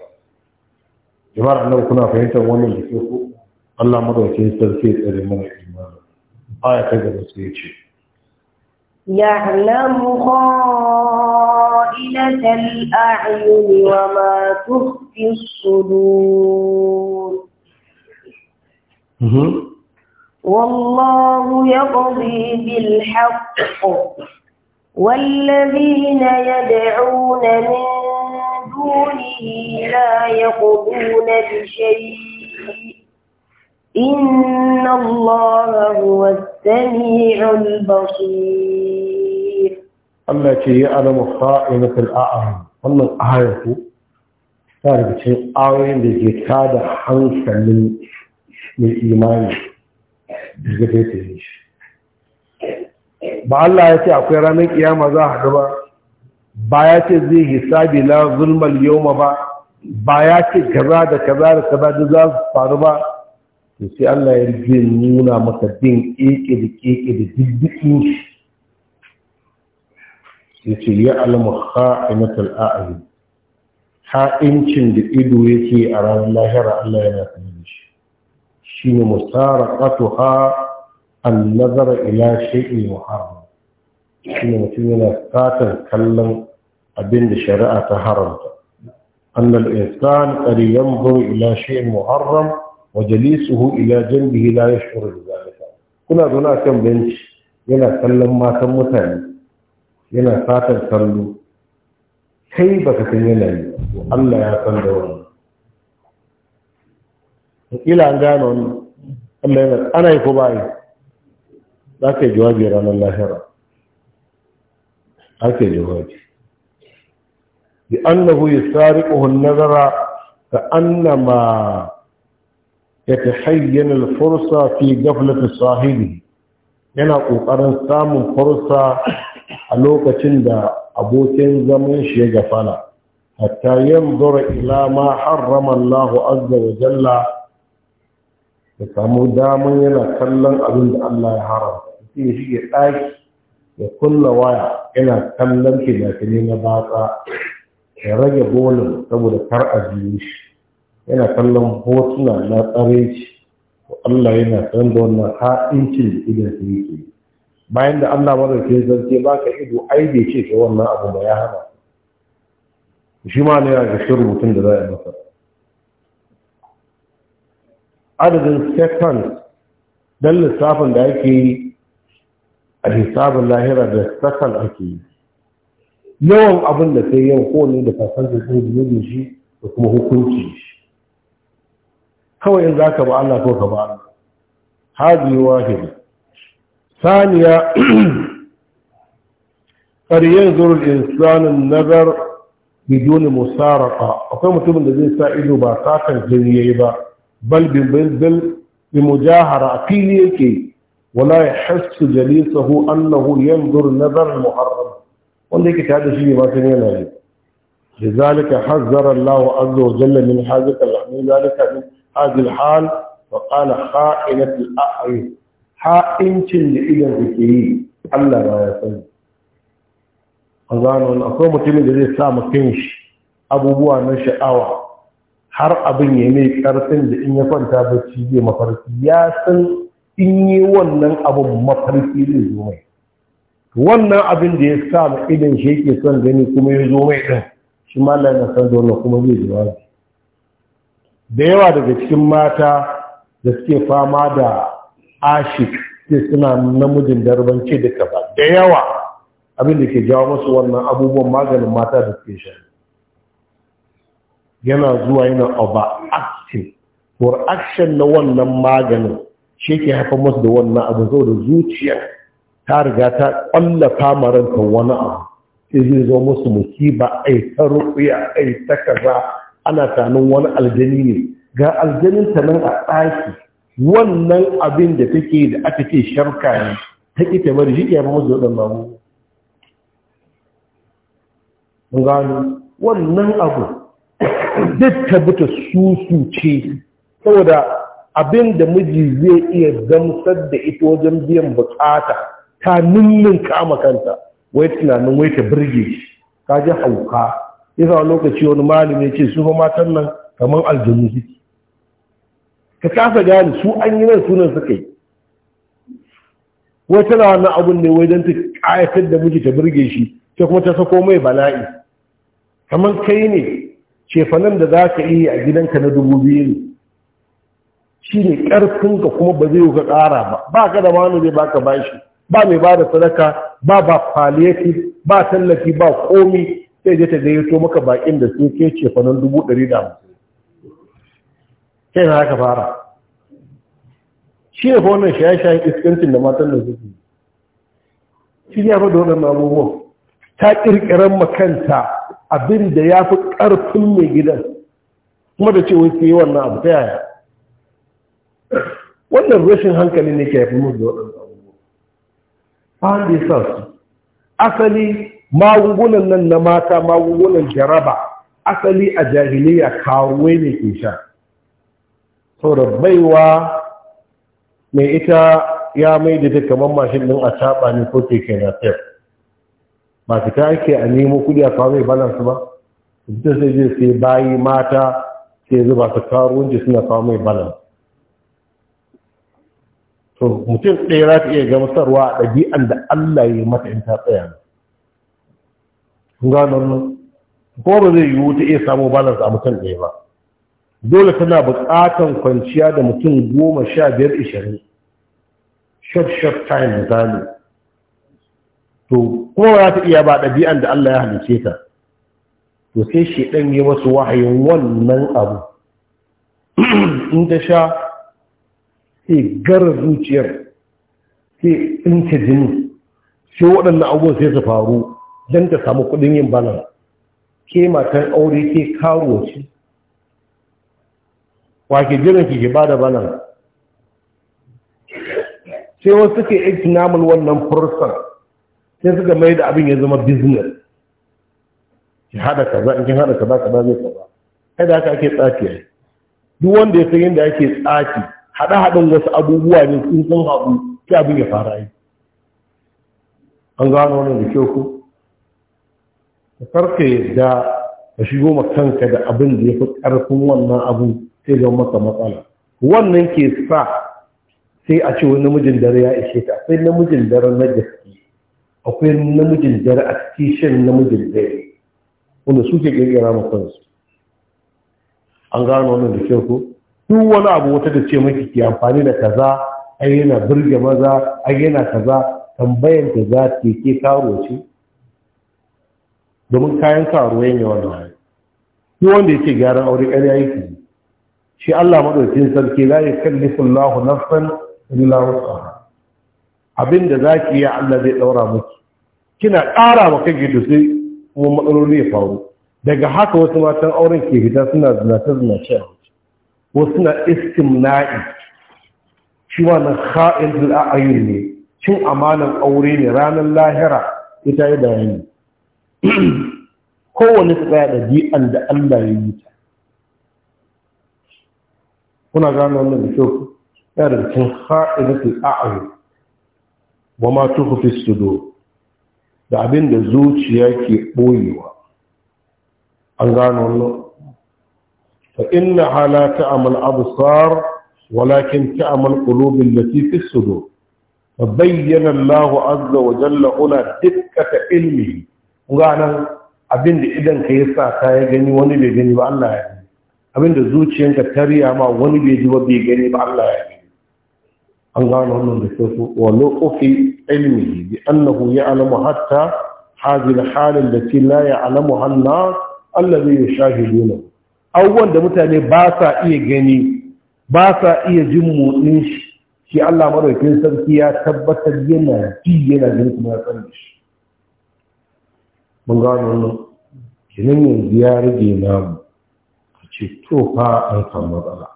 Speaker 1: jama'ar kuna fahimtar wannan da kyau ku الله madaukakin sarki ya tsare mana آية aya ta
Speaker 2: يعلم خائنة الأعين وما تخفي الصدور والله يقضي بالحق والذين يدعون من دونه لا يقضون بشيء إن الله هو السميع البصير
Speaker 1: الله كي يعلم خائنة الأعين wannan ayatu ta daga cikin ayoyin da ke tada hankalin mai imani daga taitaye shi ba Allah ya ce akwai ranar kiyama za a gaba ba ya ce zai hisabi la zulmal yau ba ba ya ce kaza da kaza da kaza da za su faru ba to sai Allah ya rige nuna maka din keke da keke da diddikin shi sai ce ya alamu kha'inatul a'yun ha'incin da ido yake a ranar lahira Allah yana sanin shi shine musaraqatuha an-nazara ila shay'in muharram shine mutum yana satar kallon abin da shari'a ta haramta annal insan qad yanzuru ila shay'in muharram wa jalisuhu ila janbihi la yashuru bi kuna zaune a kan benci yana kallon matan mutane yana satar kallo kai baka san yanayi yi Allah ya san da wannan ila an gano wannan Allah yana ana yi ko ba yi za ka jawabi ranar lahira ake jawabi bi annahu yusariquhu an-nazara ka annama يتحين الفرصة في قفلة صاحبه yana ƙoƙarin samun fursa a lokacin da abokin zaman shi ya gafala hatta yanzura ila ma harrama Allah azza wa jalla ya samu daman yana kallon abin da Allah ya haram sai ya shige ɗaki ya kulla waya yana kallon fina-finai na batsa ya rage bolin saboda kar a biyu shi yana kallon hotuna na tsare shi Allah yana san da wannan ha'incin da idan su yake bayan da Allah zarce ba baka ido ai bai ce ka wannan abu da ya hana shi ma ne yana ga rubutun da za a yi masa adadin second don lissafin da ake yi a lissafin lahira da second ake yi yawan abin da sai yau ko ne da kasance sun da shi da kuma hukunci shi kawai in zaka ba Allah ko ka ba Allah hadi wahid saniya qad yanzuru al-insanu an-nazar bidun musaraqa akwai mutum da zai sa ido ba sakan jini yayi ba bal bi bil bi mujahara aqili yake wala yahassu jalisahu annahu yanzur nazar muharram wanda yake tada shi ba sai yana yi لذلك حذر الله عز وجل من حاجة الرحمن ذلك من هذه الحال وقال خائنة الأعين ha'incin da idan suke yi Allah ba ya sani a zano wani akwai mutumin da zai sa abubuwa na sha'awa har abin ya mai karfin da in ya kwanta bacci zai mafarki ya san in yi wannan abin mafarki zai zo mai wannan abin da ya sa ma idan shi yake son gani kuma ya zo mai ɗin shi malam na san zaune kuma zai jawabi da yawa daga cikin mata da suke fama da ashik sai suna namijin darbanci da ba da yawa abin ke jawo masu wannan abubuwan maganin mata da suke shan yana zuwa yana overactive. for action na wannan maganin shi ke haifar masu da wannan abin saboda zuciya ta riga ta kwallafa maranta wani abu sai zai zo musu musiba ai ta rukuya ai ta kaza ana tanin wani aljani ne ga aljanin ta nan a ɗaki wannan abin da take da aka ce sharka ne ta ƙi tabar shi ke mamu zo ɗan mamu gano wannan abu duk tabbata susu ce saboda abin da miji zai iya gamsar da ita wajen biyan bukata ta ninnin kama kanta wai tunanin wai ta birge shi ka ji hauka yasa lokaci wani malami ya ce su ba matan nan kamar aljanu suke ka kasa gane su an yi nan sunan suka yi wai tana wannan abun ne wai don ta ƙayatar da miji ta birge shi ta kuma ta sako mai bala'i kamar kai ne cefanen da za ka yi a gidanka na dubu biyu ne shi ne ƙarfinka kuma ba zai ka kara ba ba ka da wani zai baka bashi ba mai ba da sadaka ba ba palliative ba tallafi ba komi sai je ta gayyato maka bakin da su ke ce dubu ɗari da hamsin sai na haka fara shi ne fa wannan shaye-shayen iskancin da matan da suke shi ya fa da waɗannan abubuwan ta ƙirƙirar makanta abin da ya fi ƙarfin mai gidan kuma da ce wasu yi wannan abu ta yaya wannan rashin hankali ne ke haifin musu da waɗannan abubuwa asali magungunan nan na mata magungunan jaraba asali a jahiliya kawo ne ke sha saboda baiwa mai ita ya mai da kamar mashin din a saba ne ko keke na tef ba fita ake a nemo kudi a kawo mai balansu ba ita sai je sai bayi mata sai zuba su karuwanci suna kawo mai balansu to mutum ɗaya za ta iya gamsarwa a ɗabi'an da Allah ya mata in ta tsaya gano nan ko ba zai yiwu ta iya samu balance a mutum ɗaya ba dole tana buƙatan kwanciya da mutum goma sha biyar ishirin short short time zane to kuma ba za ta iya ba ɗabi'an da Allah ya halice ta to sai shi ɗan yi wasu wahayin wannan abu in ta sha sai gara zuciyar sai in ta jini sai waɗannan abubuwan sai su faru don ta samu kudin yin bana ke matan aure ke kawo ce wake jiran ki ba da bana sai wasu ke namun wannan fursar sai suka mai da abin ya zama business ki hada kaza in kin hada kaza kaza zai kaza kai da haka ake tsafiya duk wanda ya san yadda ake tsafi hada hadin wasu abubuwa ne sun san haɗu sai abin ya fara yi an gano wannan da kyau ko ka karka yadda ka shigo kanka da abin da ya fi ƙarfin wannan abu sai zama maka matsala wannan ke sa sai a ce wani namijin dare ya ishe ta akwai namijin dare na gaske akwai namijin dare a cikin namijin dare wanda suke ƙirƙira ma kansu an gano wannan da kyau ko duk wani abu wata da ce maki ke amfani da kaza ai yana burge maza ai yana kaza tambayan ta za ta ke karo ce domin kayan ruwa karuwa ne wannan shi wanda yake gyaran aure ƙarya yake shi Allah madaukakin sarki la kalli Allahu nafsan illa da abinda zaki ya Allah zai ɗaura miki kina ƙara maka gidu sai kuma matsaloli ya faru daga haka wasu matan auren ke fita suna zinace zinace a wasu suna istimna'i shi wannan kha'il ne cin amanan aure ne ranar lahira ita yi bayani kowane su tsaya ɗabi'an da Allah ya yi ta kuna gano wannan da kyau ya da cikin ha'idatul a'yun wa ma tukhfi sudur da abin da zuciya ke ɓoyewa an gano wannan fa inna hala ta'mal absar walakin ta'mal qulub allati fi sudur fa bayyana Allah azza wa jalla ula dikkata ilmihi ga nan abin da idan ka yi sa ta ya gani wani bai gani ba Allah ya gani abin da zuciyanka ta riya ma wani bai ji ba bai gani ba Allah ya gani an gano wannan da sai wa luqfi ilimi. bi annahu ya'lamu hatta hadhihi al-hal allati la ya'lamuha an-nas allazi yashahiduna awwan da mutane ba sa iya gani ba sa iya jin motsin shi shi Allah madaukakin sarki ya tabbatar yana ji yana jin kuma ya san shi mun gano wannan kenan yanzu ya rage namu a ce to fa an samu matsala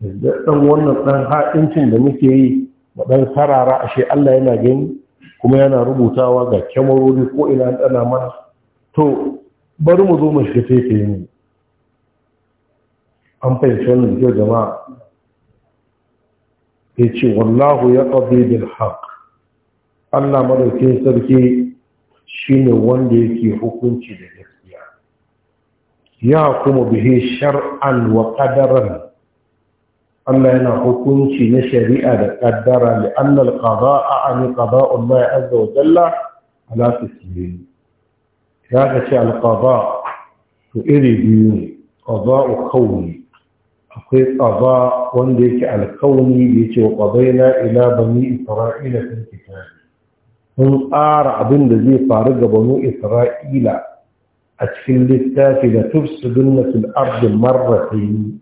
Speaker 1: da ɗan wannan ɗan haɗincin da muke yi wa ɗan sarara ashe Allah yana gani kuma yana rubutawa ga kyamarori ko ina ɗana mana to bari mu zo mu shiga teke ne an fahimci wannan jama'a ya ce wallahu ya ƙabi bil Allah madaukin sarki shine wanda yake hukunci da gaskiya ya kuma bihe shar'an wa qadaran Allah yana hukunci na shari'a da qaddara li anna al-qada'a an qada'u Allah azza wa jalla ala tasmin ya ga ce al-qada' to iri biyu ne qada'u kauni akwai qada' wanda yake al-kauni da yake wa qadayna ila bani isra'ila fil kitab mun tsara abin da zai faru ga banu isra'ila a cikin littafi da tufsidun na fil'ardin marratayi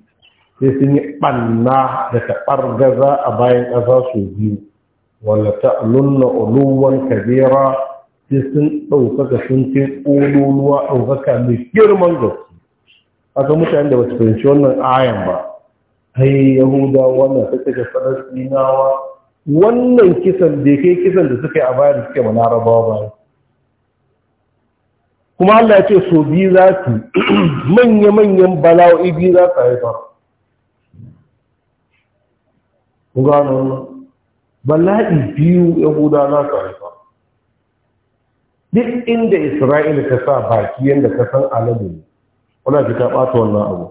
Speaker 1: sai sun yi ɓanna da taɓar gaza a bayan ƙasa su biyu wanda ta'alunna uluwan kabera sai sun ɗaukaka sun ce ƙololuwa ɗaukaka mai girman gaske aka mutane da basu fahimci wannan ayan ba ai yahudawa na ta take falasɗinawa wannan kisan da kai kisan da suka yi a bayan da suke mana rabawa baya kuma Allah ya ce so biyu za su manya-manyan bala'o'i biyu za su haifar gano wannan bala'i biyu yahuda za su haifar duk inda Isra'il ta sa baki yadda ka san alamu ne wadda ta ɓata wannan abu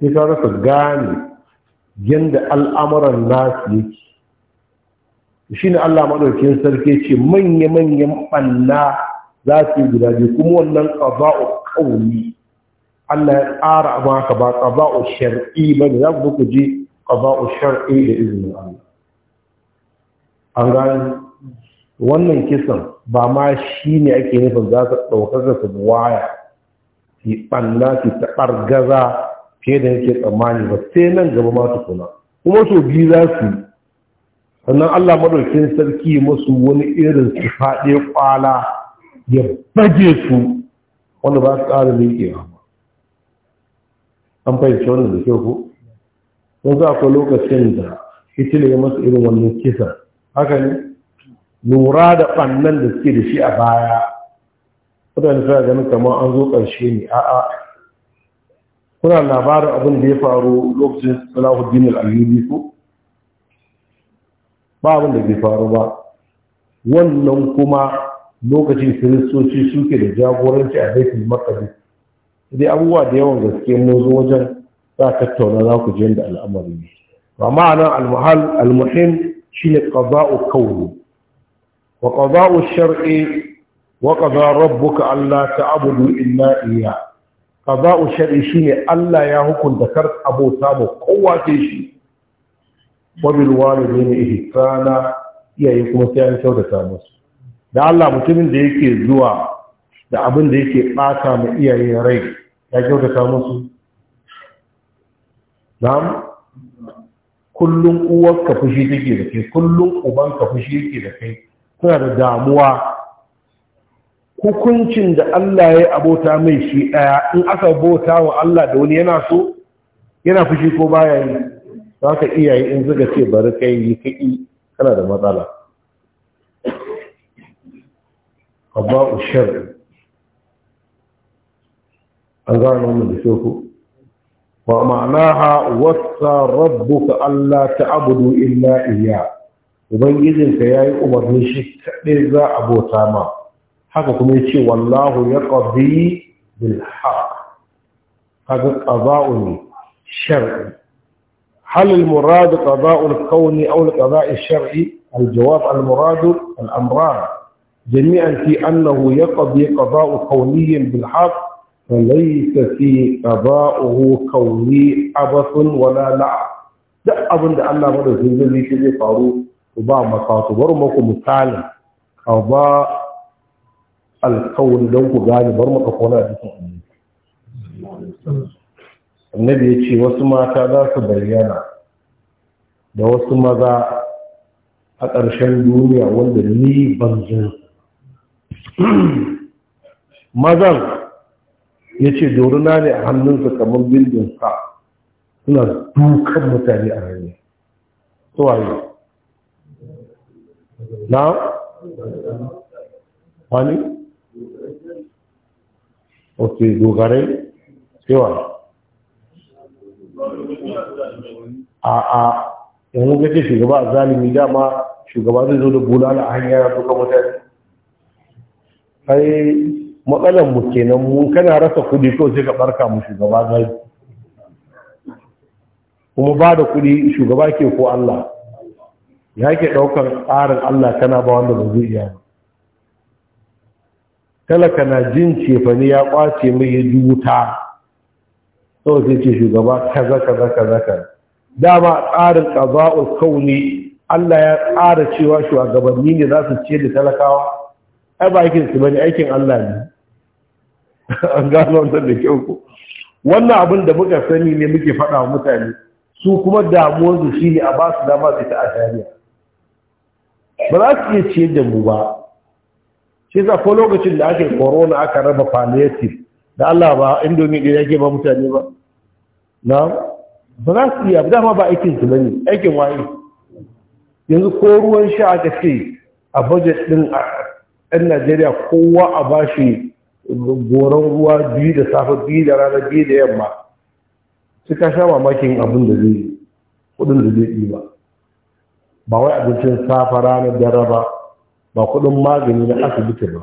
Speaker 1: sai ka rasa gane yadda al'amuran nasu yake shi ne allah maɗaukin sarki ce manya-manyan ɓanna za su yi guda biyu kuma wannan ƙaza'u ƙauni allah ya tsara maka ba ƙaza'u shar'i ba ne za ku ku ji ƙaza'u shar'i da izinin allah an gani wannan kisan ba ma shi ne ake nufin za su ɗaukar da su waya su ɓanna su taɓar gaza fiye da yake tsammani ba sai nan gaba ma tukuna kuma so biyu za su sannan Allah madaukin sarki masu wani irin su faɗe kwala ya baje su wanda ba su ƙara yake ba an fahimci wannan da kyau ko don za ku lokacin da hitler ya masu irin wannan kisa haka ne lura da ɓannan da suke da shi a baya mutane suna ganin kamar an zo ƙarshe ne a'a kuna labarin abin da ya faru lokacin salahuddin al'ayyubi ko ba abin da bai faru ba wannan kuma lokacin kiristoci suke da jagoranci a baitul maqdis dai abubuwa da yawan gaske mun zo wajen za tattauna za ku je da al'amari ne ba ma'anar al-muhal al-muhim shine qada'u wa qada'u shar'i wa qada rabbuka alla illa iyyah Kaza qada'u shar'i shine Allah ya hukunta kar abota ba kowa ce shi wa bil walidayni ihsana iyaye kuma sai an kyautata musu da Allah mutumin da yake zuwa da abin da yake bata ma iyaye rai ya kyautata musu na'am kullum uwarka fushi take da kai kullum ka fushi yake da kai kuna da damuwa hukuncin da Allah ya abota mai shi ɗaya in aka bota wa Allah da wani yana so yana fushi ko baya yi za ka iyaye in zuga ce bari kai yi kaƙi kana da matsala abba ushar an gano mu da ku wa ma'anaha wasa rabbuka Allah ta'budu illa iya ubangijinka yayi umarni shi kaɗai za a bota ma haka kuma ya ce wallahu ya ƙazi bil haq kaga ƙaza'u shar'i hal al-murad qada'u al-kawni aw al-qada' al-shar'i al-jawab al-murad al-amran jami'an fi annahu yaqdi qada'u kawniyin bil haq فليس في قضاؤه كوني عبث ولا لعب duk abinda Allah madaukakin zai zai faru ku ba makatu bar muku misalin qada alkawun don ku gane bar maka kona a cikin annabi ya ce wasu mata za su bayyana da wasu maza a ƙarshen duniya wanda ni ban zan mazan ya ce doruna ne a hannunsa kamar bindin sa suna dukan mutane a hanyar tsawaye na wani ok dogarai cewa a a yan muka ce shugaba a zalimi dama shugaba zai zo da bulala a hanyar ya tuka mutane ai matsalan mu kenan mun kana rasa kudi ko sai ka barka mu shugaba zai kuma ba da kudi shugaba ke ko Allah ya ke daukar tsarin Allah kana ba wanda ba zai iya ba talaka na jin cefani ya kwace mai ya juta sau sai ce shugaba kaza kaza kaza kaza dama tsarin ƙaza'ul kauni Allah ya tsara cewa shugabanni ne za su ce da talakawa ai ba aikin su bane aikin Allah ne an gano wannan da kyau ko wannan abin da muka sani ne muke faɗa wa mutane su kuma damuwar su shine a ba su dama su ta shari'a ba za su iya ciyar da mu ba shi za ko lokacin da ake korona aka raba palliative da Allah ba indomi da yake ba mutane ba na ba za su iya dama ba aikin su bane aikin waye yanzu ko ruwan sha aka ce a budget din ɗan Najeriya kowa a ba shi goron ruwa biyu da safe biyu da rana biyu da yamma su ka sha mamakin abin da zai kudin da zai ba ba wai abincin safa ranar da raba ba kuɗin magani na asibiti ba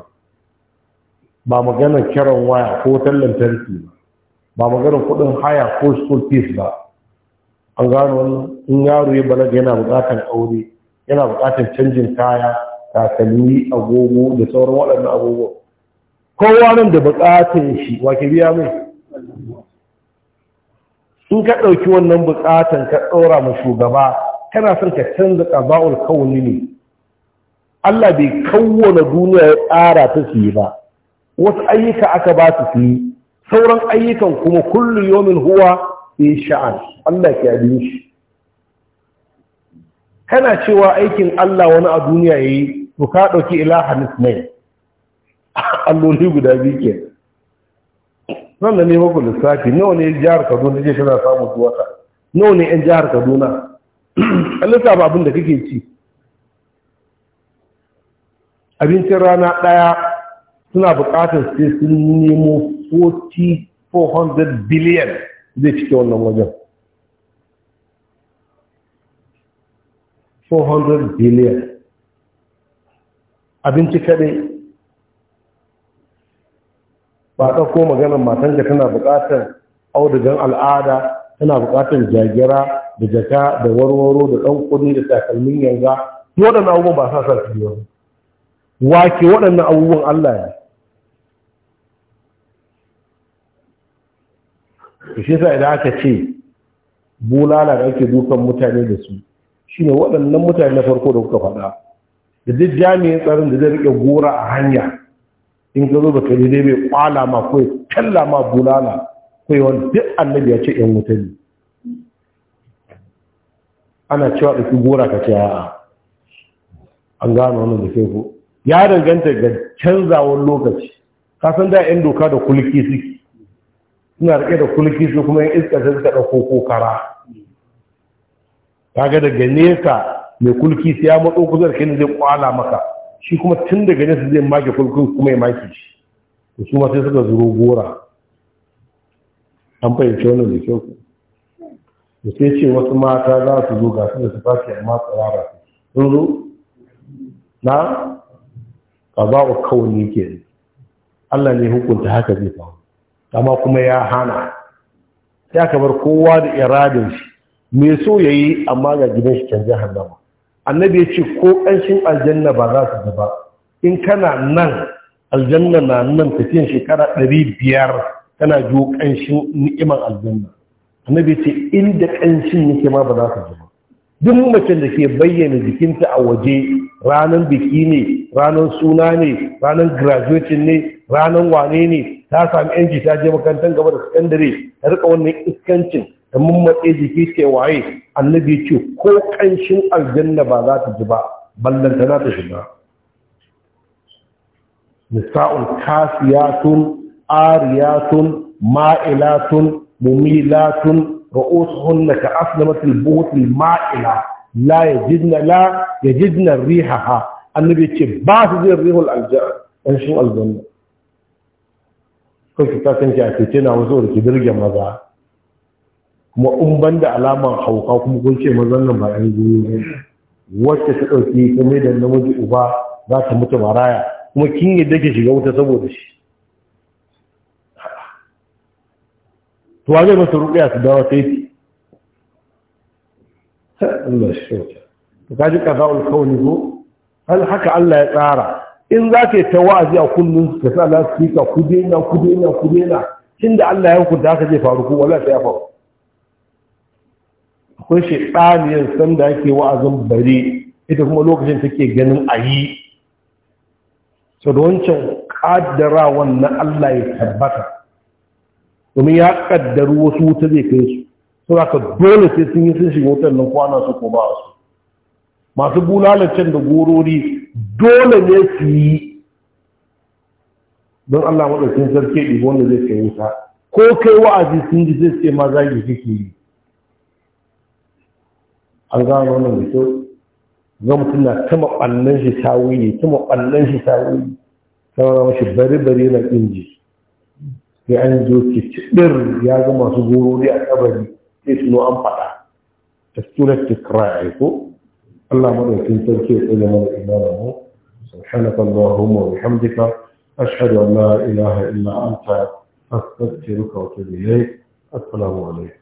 Speaker 1: ba maganar kiran waya ko tallan lantarki ba ba maganar kuɗin haya ko school fees ba an gano wannan in yaro ya balaga yana buƙatar aure yana buƙatar canjin kaya takalmi agogo da sauran waɗannan agogo kowa nan da buƙatar shi wake biya mai in ka ɗauki wannan bukatar ka ɗora ma shugaba kana son ka canza ƙaba'ul kauni ne Allah bai kawwana duniya ya tsara ta su yi ba wasu ayyuka aka ba su su yi sauran ayyukan kuma kullum yomin huwa fi sha'an Allah ke abin shi kana cewa aikin Allah wani a duniya ya yi, to ka ɗauki ilaha mai. alloli guda biyu ke nan da ne muku lissafi nawa ne jihar Kaduna shi na samun wata nawa ne yan jihar Kaduna Allah ta abin da kake ci abincin rana ɗaya suna buƙatar sai sun nemo 4,400 biliyan zai cike wannan wajen 400 biliyan abinci kaɗai ba ɗauko maganar matanka tana buƙatar audugan al'ada tana buƙatar jagira da jaka da warwaro da ɗan kuɗi da takalmin yanga waɗannan abubuwan ba sa sa wake waɗannan abubuwan Allah ya shi sa idan aka ce bulala da ake dukan mutane da su ne waɗannan mutane na farko da kuka faɗa da duk jami'in tsarin da zai rike gora a hanya in ka zo da ka dai bai kwala ma ko talla ma bulala Kawai wani duk annabi ya ce yan wuta ne ana cewa ɗauki gora ka ce ya’a an gano wannan da ke ko ya danganta ga canzawar lokaci kasan da yan doka da kulki suke suna rike da kulki su kuma yan iska sai suka ɗauko ko kara kaga daga nesa mai kulki sai ya matso kusa da kai zai kwala maka shi kuma tun daga nesa zai maki kulkin kuma ya maki shi to su ma sai suka zuro gora an fahimci wannan da kyau ku da sai ce wasu mata za su zo ga su da su fashe amma tsirara sun zo na qada'u kauni ke Allah ne hukunta haka zai faru amma kuma ya hana ya kamar kowa da iradin shi me so yayi amma ga gidan shi can jahannama annabi ya ce ko ƙanshin aljanna ba za su zaba in kana nan aljanna na nan tafiyan shekara ɗari biyar kana jo ƙanshin ni'imar aljanna annabi ce inda ƙanshin yake ma ba za su zaba ba duk macen da ke bayyana jikinta a waje ranar biki ne ranar suna ne ranar graduation ne ranar wane ne ta sami yanci ta je makarantar gaba da sakandare ta rika wannan iskancin da mummatse jiki ke waye annabi ce ko kanshin aljanna ba za ta ji ba ta za ta shiga nisa'un kasiyatun ariyatun ma'ilatun mumilatun رؤوسهن كأصلمة البوت المائلة لا يجدن لا يجدن ريحها annabi ce ba su zai rihul aljar ɗan shi aljanna kai ki kasance a ce na wasu da ki birge maza kuma in ban da alamar hauka kuma kun ce mazan nan ba ɗan zuwa ne wacce ta ɗauki ta mai da namiji uba za ta mutu maraya kuma kin yi dake shiga wuta saboda shi to zai masu ruɓiya su dawo sai ti Allah shi kyauta to kaji kaza ulkauni ko hal haka Allah ya tsara in za ka yi ta wa'azi a kullum ka sa na sika ku daina ku daina ku daina tun da Allah ya hukunta haka zai faru ko wala ya faru akwai shaitaniyar sanda yake wa'azin bare ita kuma lokacin take ganin ayi so da wancan kaddarawan na Allah ya tabbata domin ya kaddaru wasu wuta zai kai su saboda dole sai sun yi sun shiga wutar nan kwana su ko ba su masu bulalacin da gorori dole ne su yi don Allah maɗaukin sarki ɗi wanda zai kai wuta ko kai wa'azi sun ji zai ce ma zagi kake yi an gano wannan da kyau ga mutum na ta maɓannan shi tawuyi ta maɓannan shi tawuyi ta maɓannan mashi bari-bari na inji sai an zo ke ciɗir ya ga masu gorori a kabari sai suno an faɗa ta surat ta ko الله مدى في تذكير إلى من إمامه سبحانك اللهم وبحمدك أشهد أن لا إله إلا أنت أستغفرك وأتوب إليك السلام عليكم